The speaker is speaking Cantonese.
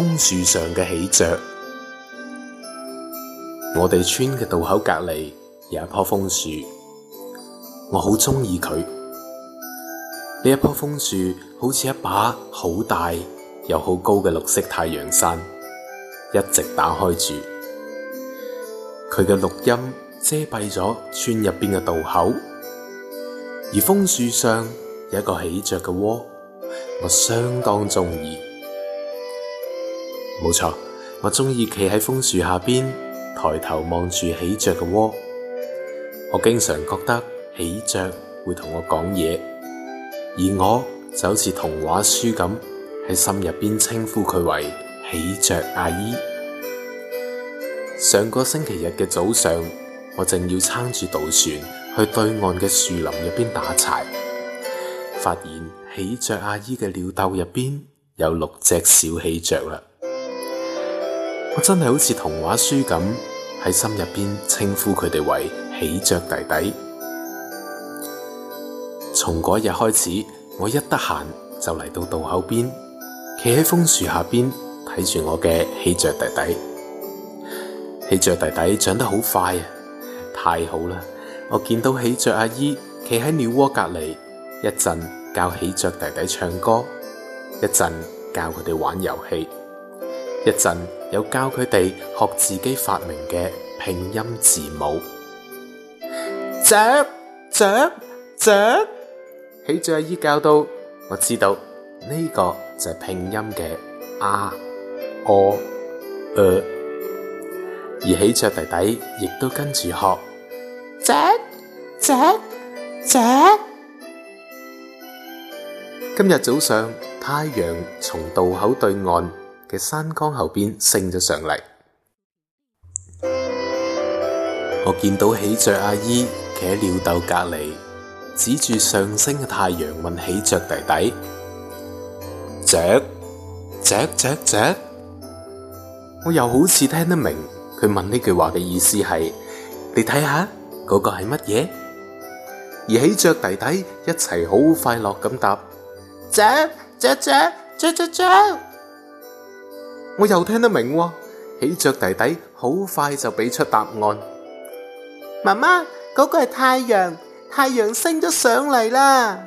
楓樹上嘅喜鵲，我哋村嘅渡口隔籬有一棵楓樹，我好鍾意佢。呢一棵楓樹好似一把好大又好高嘅綠色太陽傘，一直打開住。佢嘅綠蔭遮蔽咗村入邊嘅渡口，而楓樹上有一個喜鵲嘅窩，我相當鍾意。冇錯，我鍾意企喺楓樹下邊抬頭望住喜鵲嘅窩。我經常覺得喜鵲會同我講嘢，而我就好似童話書咁喺心入邊稱呼佢為喜鵲阿姨。上個星期日嘅早上，我正要撐住渡船去對岸嘅樹林入邊打柴，發現喜鵲阿姨嘅鳥竇入邊有六隻小喜鵲啦。我真係好似童話書咁喺心入邊稱呼佢哋為喜鵲弟弟。從嗰日開始，我一得閒就嚟到渡口邊，企喺楓樹下邊睇住我嘅喜鵲弟弟。喜鵲弟弟長得好快啊，太好啦！我見到喜鵲阿姨企喺鳥窩隔籬，一陣教喜鵲弟弟唱歌，一陣教佢哋玩遊戲，一陣。有教佢哋學自己發明嘅拼音字母，雀雀雀，喜鵲阿姨教到，我知道呢個就係拼音嘅啊，哦。誒、呃，而喜鵲弟弟亦都跟住學，雀雀雀。今日早上，太陽從渡口對岸，嘅山崗後邊升咗上嚟，我見到喜鵲阿姨企喺鳥竇隔籬，指住上升嘅太陽問喜鵲弟弟：雀雀雀雀,雀，我又好似聽得明佢問呢句話嘅意思係：你睇下嗰個係乜嘢？而喜鵲弟弟一齊好快樂咁答：雀雀雀雀雀雀。雀雀雀雀雀我又聽得明喎，啊，喜鵲弟弟好快就俾出答案。媽媽，嗰、那個係太陽，太陽升咗上嚟啦。